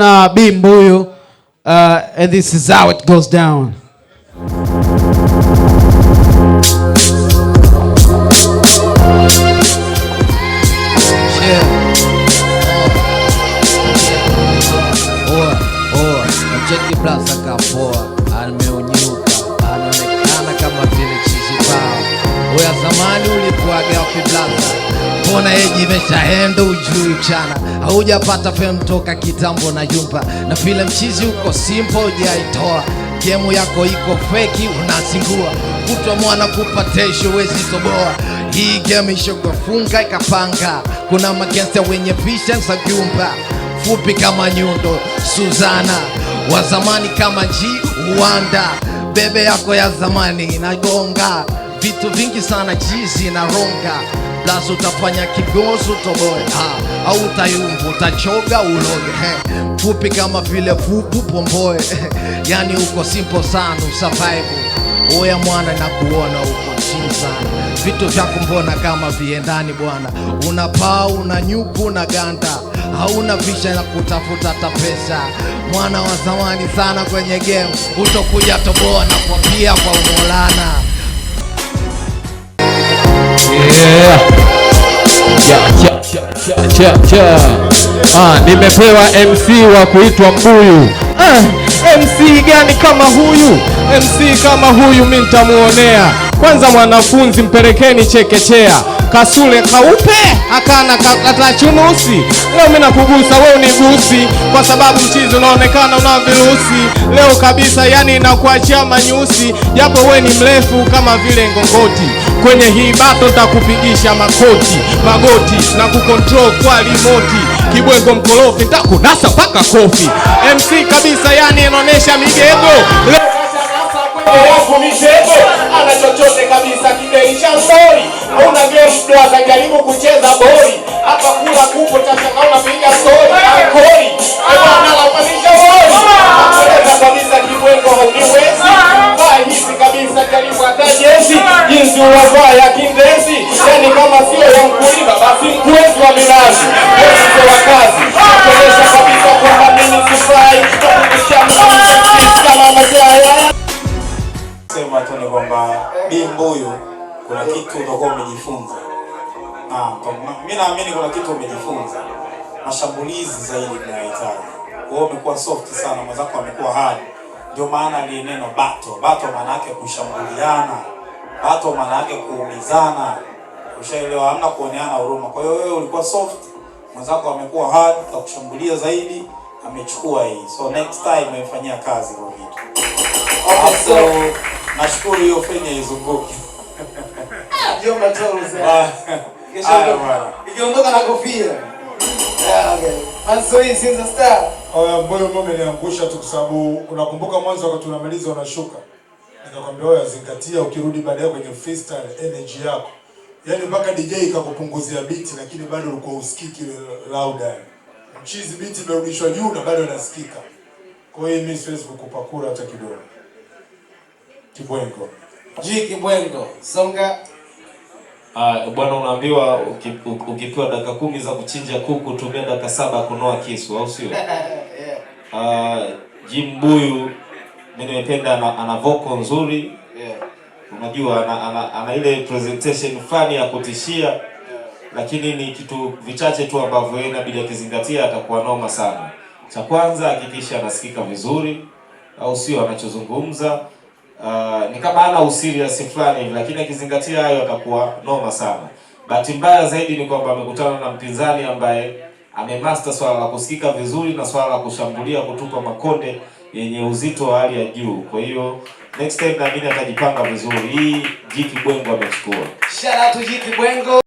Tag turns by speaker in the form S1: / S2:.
S1: na bimbo huyu uh, and this is how it goes down kuona hendo ujui mchana, haujapata fem toka kitambo na yumba na vile mchizi uko simpo ujaitoa gemu yako iko feki unasingua kutwa mwana kupatesho wezi soboa hii gemu ishokafunga ikapanga kuna magensa wenye vision za vyumba fupi kama nyundo Suzana wa zamani kama ji uwanda bebe yako ya zamani inagonga vitu vingi sana, jizi na ronga blazo utafanya kigozo toboe, au utayumbu, utachoga uloge fupi kama vile fupu pomboe yani uko simple sana usurvive Oya mwana, na kuona huko chini sana, vitu vya kumbona kama viendani bwana. Una paa una nyuku na ganda, hauna visha na kutafuta tapesa Mwana wa zamani sana kwenye game, utokuja toboa na kwapia kwa umolana Ah, nimepewa MC wa kuitwa mbuyu. Ah, eh, MC gani kama huyu? MC kama huyu mi nitamuonea. Kwanza mwanafunzi mpelekeni chekechea. Kasule kaupe akana kakata chumusi. Leo mi nakugusa wewe unigusi, kwa sababu mchizi unaonekana una virusi leo kabisa, yani nakuachia manyusi, japo we ni mrefu kama vile ngongoti Kwenye hii bato ntakupigisha makoti magoti na kukontrol kwa limoti, kibwengo mkorofi nitakunasa mpaka kofi. MC kabisa, yani inaonesha migego mishego ana chochote kabisa, kideisha cha story una game plaza sema tu ni kwamba bimbo huyu kuna kitu utakuwa umejifunza. Ah, mimi naamini kuna kitu umejifunza, mashambulizi zaidi tunahitaji. Wewe umekuwa soft sana, mwenzako amekuwa hard, ndio maana ni neno bato. Bato maana yake kushambuliana, bato maana yake kuumizana, ushaelewa? Hamna kuoneana huruma. Kwa hiyo wewe ulikuwa soft, mwenzako amekuwa hard, akushambulia zaidi, amechukua hii. So next time, amefanyia kazi kwa vitu. Okay, so Nashukuru hiyo fenya izunguke.
S2: Hiyo matoro ah, Kesho ikiondoka na kofia. si za star.
S3: mbona mbona tu kwa sababu unakumbuka mwanzo wakati unashuka. Nikakwambia wewe zingatia ukirudi baadaye kwenye freestyle energy yako. Yaani mpaka DJ ikakupunguzia lakini bado ulikuwa usikiki louder. Mchizi imerudishwa juu na bado Kwa hiyo mimi siwezi kukupa kura hata kidogo. Kibwengo.
S2: G Kibwengo. Songa.
S4: Uh, bwana unaambiwa ukipewa dakika kumi za kuchinja kuku tumia dakika saba kunoa kisu au sio? yeah. Uh, Jimbuyu mimi nimependa ana, ana vocal nzuri. Yeah. Unajua ana, ana, ana ile presentation fani ya kutishia. Yeah. Lakini ni kitu vichache tu ambavyo yeye inabidi akizingatia atakuwa noma sana. Cha kwanza hakikisha anasikika vizuri au sio anachozungumza uh, ni kama ana usiriasi fulani hivi, lakini akizingatia hayo atakuwa noma sana. Bahati mbaya zaidi ni kwamba amekutana na mpinzani ambaye amemaster swala la kusikika vizuri na swala la kushambulia, kutupa makonde yenye uzito wa hali ya juu. Kwa hiyo next time naamini atajipanga vizuri. Hii jiki bwengo amechukua.
S2: Shout out to Jiki Bwengo.